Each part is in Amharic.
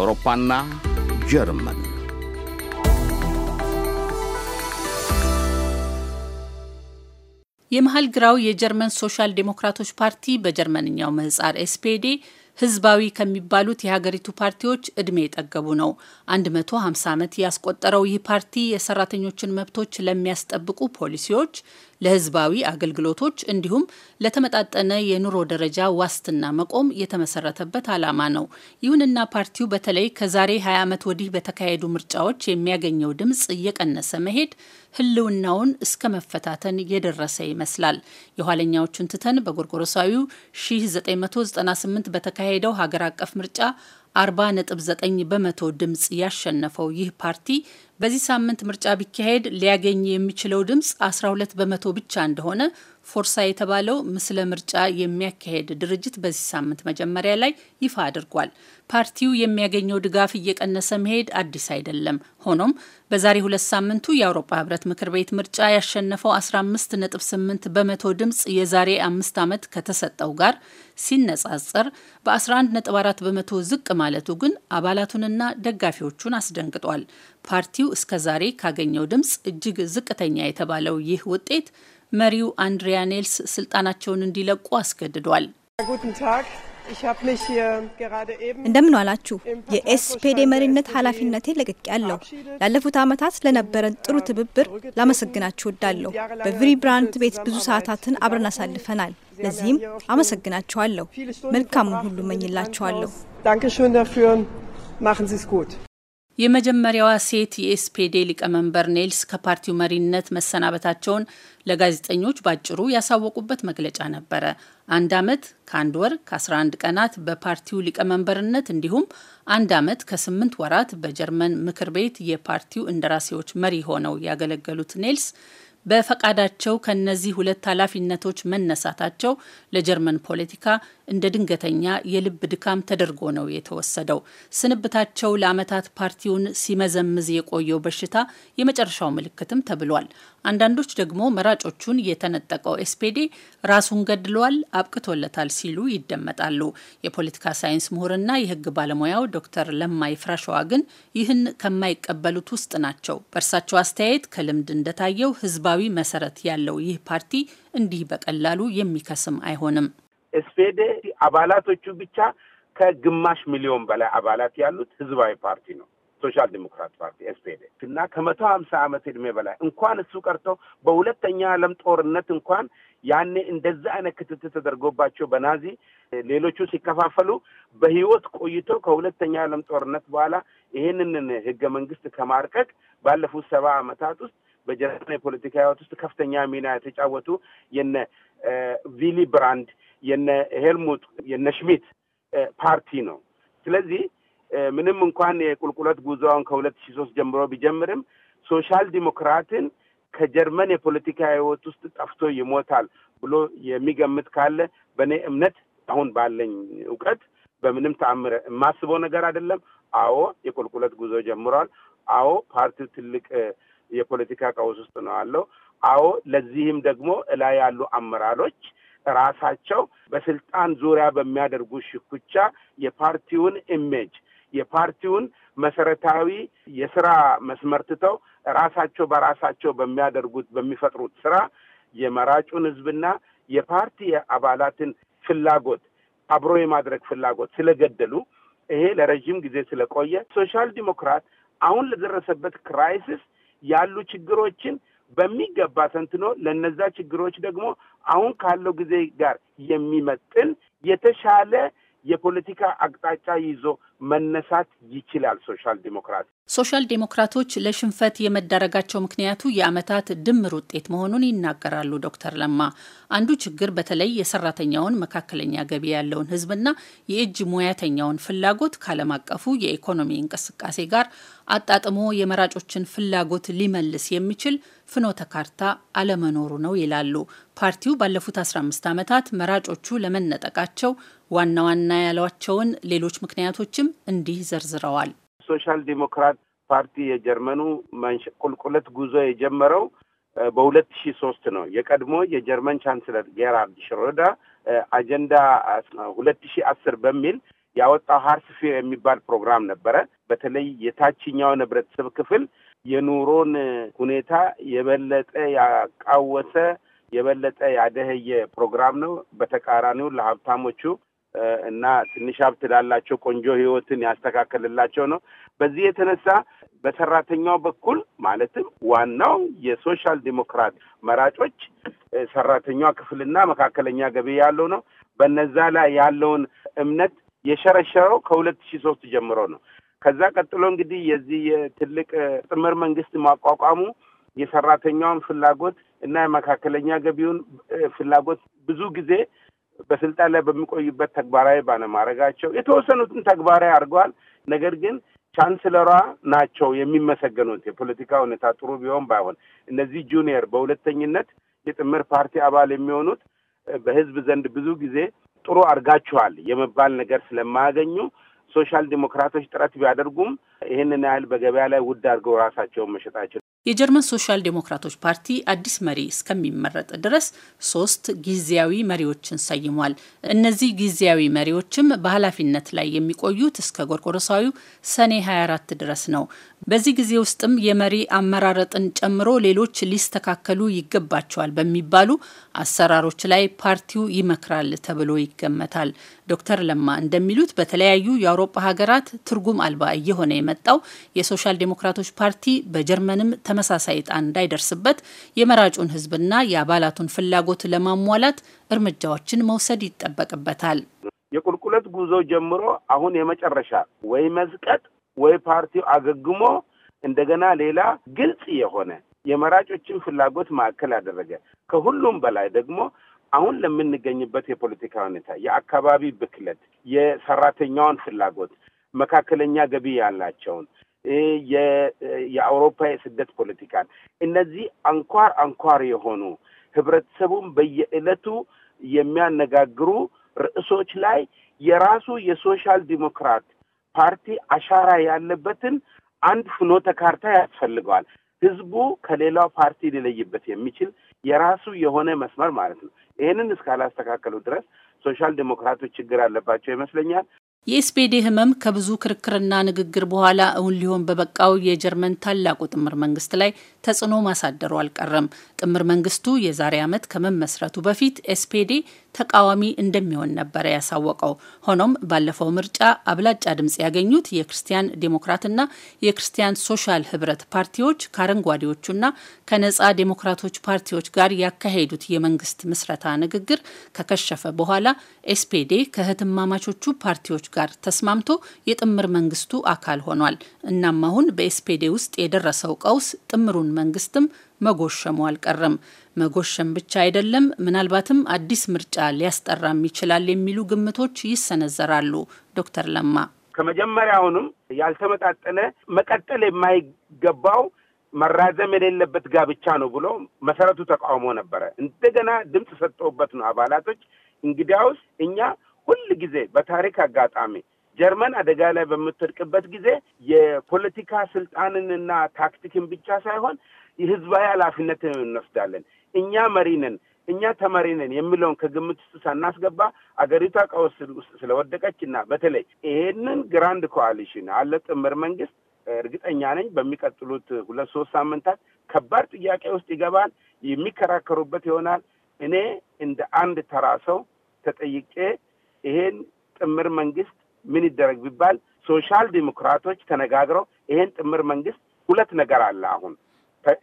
አውሮፓና ጀርመን የመሀል ግራው የጀርመን ሶሻል ዴሞክራቶች ፓርቲ በጀርመንኛው ምህጻር ኤስፔዴ ህዝባዊ ከሚባሉት የሀገሪቱ ፓርቲዎች እድሜ የጠገቡ ነው። 150 ዓመት ያስቆጠረው ይህ ፓርቲ የሰራተኞችን መብቶች ለሚያስጠብቁ ፖሊሲዎች ለህዝባዊ አገልግሎቶች እንዲሁም ለተመጣጠነ የኑሮ ደረጃ ዋስትና መቆም የተመሰረተበት ዓላማ ነው። ይሁንና ፓርቲው በተለይ ከዛሬ 20 ዓመት ወዲህ በተካሄዱ ምርጫዎች የሚያገኘው ድምፅ እየቀነሰ መሄድ ህልውናውን እስከ መፈታተን የደረሰ ይመስላል። የኋለኛዎቹን ትተን በጎርጎሮሳዊው 1998 በተካሄደው ሀገር አቀፍ ምርጫ 40.9 በመቶ ድምፅ ያሸነፈው ይህ ፓርቲ በዚህ ሳምንት ምርጫ ቢካሄድ ሊያገኝ የሚችለው ድምፅ 12 በመቶ ብቻ እንደሆነ ፎርሳ የተባለው ምስለ ምርጫ የሚያካሄድ ድርጅት በዚህ ሳምንት መጀመሪያ ላይ ይፋ አድርጓል። ፓርቲው የሚያገኘው ድጋፍ እየቀነሰ መሄድ አዲስ አይደለም። ሆኖም በዛሬ ሁለት ሳምንቱ የአውሮፓ ህብረት ምክር ቤት ምርጫ ያሸነፈው 15.8 በመቶ ድምፅ የዛሬ አምስት ዓመት ከተሰጠው ጋር ሲነጻጸር በ11.4 በመቶ ዝቅ ማለቱ ግን አባላቱንና ደጋፊዎቹን አስደንግጧል። ፓርቲው እስከዛሬ ካገኘው ድምፅ እጅግ ዝቅተኛ የተባለው ይህ ውጤት መሪው አንድሪያ ኔልስ ስልጣናቸውን እንዲለቁ አስገድዷል። እንደምን አላችሁ የኤስፔዴ መሪነት ኃላፊነቴ ለቅቅ ያለው ላለፉት ዓመታት ለነበረን ጥሩ ትብብር ላመሰግናችሁ በቪሪ በቪሪብራንት ቤት ብዙ ሰዓታትን አብረን አሳልፈናል። ለዚህም አመሰግናችኋለሁ። መልካሙን ሁሉ መኝላችኋለሁ። የመጀመሪያዋ ሴት የኤስፔዴ ሊቀመንበር ኔልስ ከፓርቲው መሪነት መሰናበታቸውን ለጋዜጠኞች ባጭሩ ያሳወቁበት መግለጫ ነበረ። አንድ ዓመት ከአንድ ወር ከ11 ቀናት በፓርቲው ሊቀመንበርነት እንዲሁም አንድ ዓመት ከስምንት ወራት በጀርመን ምክር ቤት የፓርቲው እንደራሴዎች መሪ ሆነው ያገለገሉት ኔልስ በፈቃዳቸው ከነዚህ ሁለት ኃላፊነቶች መነሳታቸው ለጀርመን ፖለቲካ እንደ ድንገተኛ የልብ ድካም ተደርጎ ነው የተወሰደው። ስንብታቸው ለዓመታት ፓርቲውን ሲመዘምዝ የቆየው በሽታ የመጨረሻው ምልክትም ተብሏል። አንዳንዶች ደግሞ መራጮቹን የተነጠቀው ኤስፔዴ ራሱን ገድሏል፣ አብቅቶለታል ሲሉ ይደመጣሉ። የፖለቲካ ሳይንስ ምሁርና የህግ ባለሙያው ዶክተር ለማይ ፍራሸዋ ግን ይህን ከማይቀበሉት ውስጥ ናቸው። በእርሳቸው አስተያየት ከልምድ እንደታየው ህዝባዊ መሰረት ያለው ይህ ፓርቲ እንዲህ በቀላሉ የሚከስም አይሆንም። ኤስፔዴ አባላቶቹ ብቻ ከግማሽ ሚሊዮን በላይ አባላት ያሉት ህዝባዊ ፓርቲ ነው። ሶሻል ዲሞክራት ፓርቲ ኤስፔዴ እና ከመቶ ሀምሳ ዓመት እድሜ በላይ እንኳን እሱ ቀርቶ በሁለተኛ ዓለም ጦርነት እንኳን ያኔ እንደዛ አይነት ክትትል ተደርጎባቸው በናዚ ሌሎቹ ሲከፋፈሉ በህይወት ቆይቶ ከሁለተኛ ዓለም ጦርነት በኋላ ይህንን ህገ መንግስት ከማርቀቅ ባለፉት ሰባ ዓመታት ውስጥ በጀርመን የፖለቲካ ህይወት ውስጥ ከፍተኛ ሚና የተጫወቱ የነ ቪሊ ብራንድ፣ የነ ሄልሙት፣ የነ ሽሚት ፓርቲ ነው። ስለዚህ ምንም እንኳን የቁልቁለት ጉዞውን ከሁለት ሺ ሶስት ጀምሮ ቢጀምርም ሶሻል ዲሞክራትን ከጀርመን የፖለቲካ ህይወት ውስጥ ጠፍቶ ይሞታል ብሎ የሚገምት ካለ በእኔ እምነት አሁን ባለኝ እውቀት በምንም ተአምረ የማስበው ነገር አይደለም። አዎ የቁልቁለት ጉዞ ጀምሯል። አዎ ፓርቲው ትልቅ የፖለቲካ ቀውስ ውስጥ ነው ያለው። አዎ ለዚህም ደግሞ እላይ ያሉ አመራሮች ራሳቸው በስልጣን ዙሪያ በሚያደርጉ ሽኩቻ የፓርቲውን ኢሜጅ የፓርቲውን መሰረታዊ የስራ መስመር ትተው ራሳቸው በራሳቸው በሚያደርጉት በሚፈጥሩት ስራ የመራጩን ህዝብና የፓርቲ አባላትን ፍላጎት አብሮ የማድረግ ፍላጎት ስለገደሉ ይሄ ለረዥም ጊዜ ስለቆየ ሶሻል ዲሞክራት አሁን ለደረሰበት ክራይሲስ ያሉ ችግሮችን በሚገባ ተንትኖ ለነዛ ችግሮች ደግሞ አሁን ካለው ጊዜ ጋር የሚመጥን የተሻለ የፖለቲካ አቅጣጫ ይዞ መነሳት ይችላል። ሶሻል ዲሞክራት ሶሻል ዴሞክራቶች ለሽንፈት የመዳረጋቸው ምክንያቱ የአመታት ድምር ውጤት መሆኑን ይናገራሉ ዶክተር ለማ። አንዱ ችግር በተለይ የሰራተኛውን መካከለኛ ገቢ ያለውን ህዝብና የእጅ ሙያተኛውን ፍላጎት ከዓለም አቀፉ የኢኮኖሚ እንቅስቃሴ ጋር አጣጥሞ የመራጮችን ፍላጎት ሊመልስ የሚችል ፍኖተ ካርታ አለመኖሩ ነው ይላሉ። ፓርቲው ባለፉት 15 ዓመታት መራጮቹ ለመነጠቃቸው ዋና ዋና ያሏቸውን ሌሎች ምክንያቶችም መሆኑንም እንዲህ ዘርዝረዋል። ሶሻል ዲሞክራት ፓርቲ የጀርመኑ ቁልቁለት ጉዞ የጀመረው በሁለት ሺ ሶስት ነው። የቀድሞ የጀርመን ቻንስለር ጌራርድ ሽሮዳ አጀንዳ ሁለት ሺ አስር በሚል ያወጣው ሀርስፊር የሚባል ፕሮግራም ነበረ። በተለይ የታችኛውን ህብረተሰብ ክፍል የኑሮን ሁኔታ የበለጠ ያቃወሰ የበለጠ ያደህየ ፕሮግራም ነው። በተቃራኒው ለሀብታሞቹ እና ትንሽ ሀብት ላላቸው ቆንጆ ህይወትን ያስተካከልላቸው ነው። በዚህ የተነሳ በሰራተኛው በኩል ማለትም ዋናው የሶሻል ዲሞክራት መራጮች ሰራተኛ ክፍልና መካከለኛ ገቢ ያለው ነው። በነዛ ላይ ያለውን እምነት የሸረሸረው ከሁለት ሺ ሶስት ጀምሮ ነው። ከዛ ቀጥሎ እንግዲህ የዚህ የትልቅ ጥምር መንግስት ማቋቋሙ የሰራተኛውን ፍላጎት እና የመካከለኛ ገቢውን ፍላጎት ብዙ ጊዜ በስልጣን ላይ በሚቆዩበት ተግባራዊ ባለማድረጋቸው የተወሰኑትን ተግባራዊ አድርገዋል። ነገር ግን ቻንስለሯ ናቸው የሚመሰገኑት። የፖለቲካ ሁኔታ ጥሩ ቢሆን ባይሆን እነዚህ ጁኒየር በሁለተኝነት የጥምር ፓርቲ አባል የሚሆኑት በህዝብ ዘንድ ብዙ ጊዜ ጥሩ አድርጋችኋል የመባል ነገር ስለማያገኙ ሶሻል ዲሞክራቶች ጥረት ቢያደርጉም ይህንን ያህል በገበያ ላይ ውድ አድርገው ራሳቸውን መሸጣቸው የጀርመን ሶሻል ዴሞክራቶች ፓርቲ አዲስ መሪ እስከሚመረጥ ድረስ ሶስት ጊዜያዊ መሪዎችን ሰይሟል። እነዚህ ጊዜያዊ መሪዎችም በኃላፊነት ላይ የሚቆዩት እስከ ጎርጎሮሳዊው ሰኔ 24 ድረስ ነው። በዚህ ጊዜ ውስጥም የመሪ አመራረጥን ጨምሮ ሌሎች ሊስተካከሉ ይገባቸዋል በሚባሉ አሰራሮች ላይ ፓርቲው ይመክራል ተብሎ ይገመታል። ዶክተር ለማ እንደሚሉት በተለያዩ የአውሮፓ ሀገራት ትርጉም አልባ እየሆነ የመጣው የሶሻል ዴሞክራቶች ፓርቲ በጀርመንም ተመሳሳይ ዕጣ እንዳይደርስበት የመራጩን ህዝብና የአባላቱን ፍላጎት ለማሟላት እርምጃዎችን መውሰድ ይጠበቅበታል። የቁልቁለት ጉዞ ጀምሮ አሁን የመጨረሻ ወይ መዝቀጥ ወይ ፓርቲው አገግሞ እንደገና ሌላ ግልጽ የሆነ የመራጮችን ፍላጎት ማዕከል ያደረገ ከሁሉም በላይ ደግሞ አሁን ለምንገኝበት የፖለቲካ ሁኔታ የአካባቢ ብክለት፣ የሰራተኛውን ፍላጎት፣ መካከለኛ ገቢ ያላቸውን የአውሮፓ የስደት ፖለቲካን እነዚህ አንኳር አንኳር የሆኑ ህብረተሰቡን በየዕለቱ የሚያነጋግሩ ርዕሶች ላይ የራሱ የሶሻል ዲሞክራት ፓርቲ አሻራ ያለበትን አንድ ፍኖተ ካርታ ያስፈልገዋል። ህዝቡ ከሌላው ፓርቲ ሊለይበት የሚችል የራሱ የሆነ መስመር ማለት ነው። ይህንን እስካላስተካከሉ ድረስ ሶሻል ዲሞክራቶች ችግር አለባቸው ይመስለኛል። የኤስፔዴ ህመም ከብዙ ክርክርና ንግግር በኋላ እውን ሊሆን በበቃው የጀርመን ታላቁ ጥምር መንግስት ላይ ተጽዕኖ ማሳደሩ አልቀረም። ጥምር መንግስቱ የዛሬ ዓመት ከመመስረቱ በፊት ኤስፔዴ ተቃዋሚ እንደሚሆን ነበረ ያሳወቀው። ሆኖም ባለፈው ምርጫ አብላጫ ድምፅ ያገኙት የክርስቲያን ዴሞክራትና የክርስቲያን ሶሻል ህብረት ፓርቲዎች ከአረንጓዴዎቹና ከነጻ ዴሞክራቶች ፓርቲዎች ጋር ያካሄዱት የመንግስት ምስረታ ንግግር ከከሸፈ በኋላ ኤስፔዴ ከህትማማቾቹ ፓርቲዎች ጋር ተስማምቶ የጥምር መንግስቱ አካል ሆኗል። እናም አሁን በኤስፔዴ ውስጥ የደረሰው ቀውስ ጥምሩን መንግስትም መጎሸሙ አልቀረም። መጎሸም ብቻ አይደለም፣ ምናልባትም አዲስ ምርጫ ሊያስጠራም ይችላል የሚሉ ግምቶች ይሰነዘራሉ። ዶክተር ለማ ከመጀመሪያውንም ያልተመጣጠነ መቀጠል የማይገባው መራዘም የሌለበት ጋብቻ ነው ብሎ መሰረቱ ተቃውሞ ነበረ። እንደገና ድምፅ ሰጥተውበት ነው አባላቶች እንግዲያውስ እኛ ሁል ጊዜ በታሪክ አጋጣሚ ጀርመን አደጋ ላይ በምትወድቅበት ጊዜ የፖለቲካ ስልጣንንና ታክቲክን ብቻ ሳይሆን የህዝባዊ ኃላፊነትን እንወስዳለን። እኛ መሪንን እኛ ተመሪንን የሚለውን ከግምት ውስጥ ሳናስገባ አገሪቷ ቀውስ ውስጥ ስለወደቀች እና በተለይ ይሄንን ግራንድ ኮአሊሽን አለ ጥምር መንግስት እርግጠኛ ነኝ በሚቀጥሉት ሁለት ሶስት ሳምንታት ከባድ ጥያቄ ውስጥ ይገባል፣ የሚከራከሩበት ይሆናል። እኔ እንደ አንድ ተራ ሰው ተጠይቄ ይሄን ጥምር መንግስት ምን ይደረግ ቢባል ሶሻል ዲሞክራቶች ተነጋግረው ይሄን ጥምር መንግስት ሁለት ነገር አለ አሁን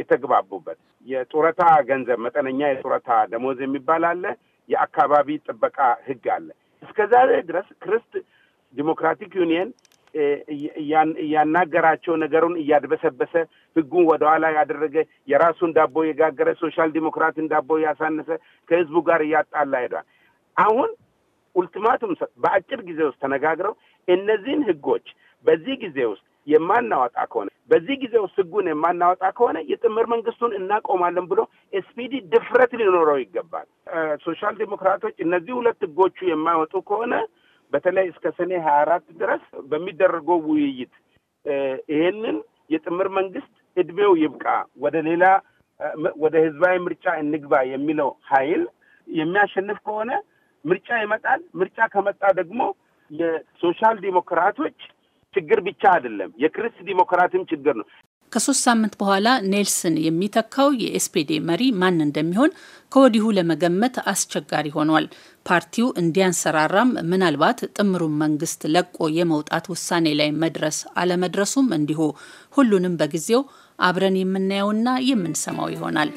የተግባቡበት የጡረታ ገንዘብ መጠነኛ የጡረታ ደሞዝ የሚባል አለ፣ የአካባቢ ጥበቃ ህግ አለ። እስከዛ ድረስ ክርስት ዲሞክራቲክ ዩኒየን እያናገራቸው ነገሩን እያድበሰበሰ ህጉን ወደኋላ ያደረገ የራሱን ዳቦ የጋገረ ሶሻል ዲሞክራትን ዳቦ እያሳነሰ ከህዝቡ ጋር እያጣላ ሄዷል። አሁን ኡልቲማቱም በአጭር ጊዜ ውስጥ ተነጋግረው እነዚህን ህጎች በዚህ ጊዜ ውስጥ የማናወጣ ከሆነ በዚህ ጊዜ ውስጥ ህጉን የማናወጣ ከሆነ የጥምር መንግስቱን እናቆማለን ብሎ ስፒዲ ድፍረት ሊኖረው ይገባል። ሶሻል ዲሞክራቶች እነዚህ ሁለት ህጎቹ የማይወጡ ከሆነ በተለይ እስከ ሰኔ ሀያ አራት ድረስ በሚደረገው ውይይት ይሄንን የጥምር መንግስት እድሜው ይብቃ፣ ወደ ሌላ ወደ ህዝባዊ ምርጫ እንግባ የሚለው ኃይል የሚያሸንፍ ከሆነ ምርጫ ይመጣል። ምርጫ ከመጣ ደግሞ የሶሻል ዲሞክራቶች ችግር ብቻ አይደለም፣ የክርስት ዲሞክራትም ችግር ነው። ከሶስት ሳምንት በኋላ ኔልስን የሚተካው የኤስፒዴ መሪ ማን እንደሚሆን ከወዲሁ ለመገመት አስቸጋሪ ሆኗል። ፓርቲው እንዲያንሰራራም ምናልባት ጥምሩን መንግስት ለቆ የመውጣት ውሳኔ ላይ መድረስ አለመድረሱም እንዲሁ ሁሉንም በጊዜው አብረን የምናየውና የምንሰማው ይሆናል።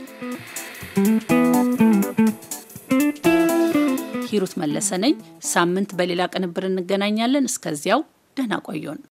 ሂሩት መለሰ ነኝ። ሳምንት በሌላ ቅንብር እንገናኛለን። እስከዚያው ደህና ቆዩን።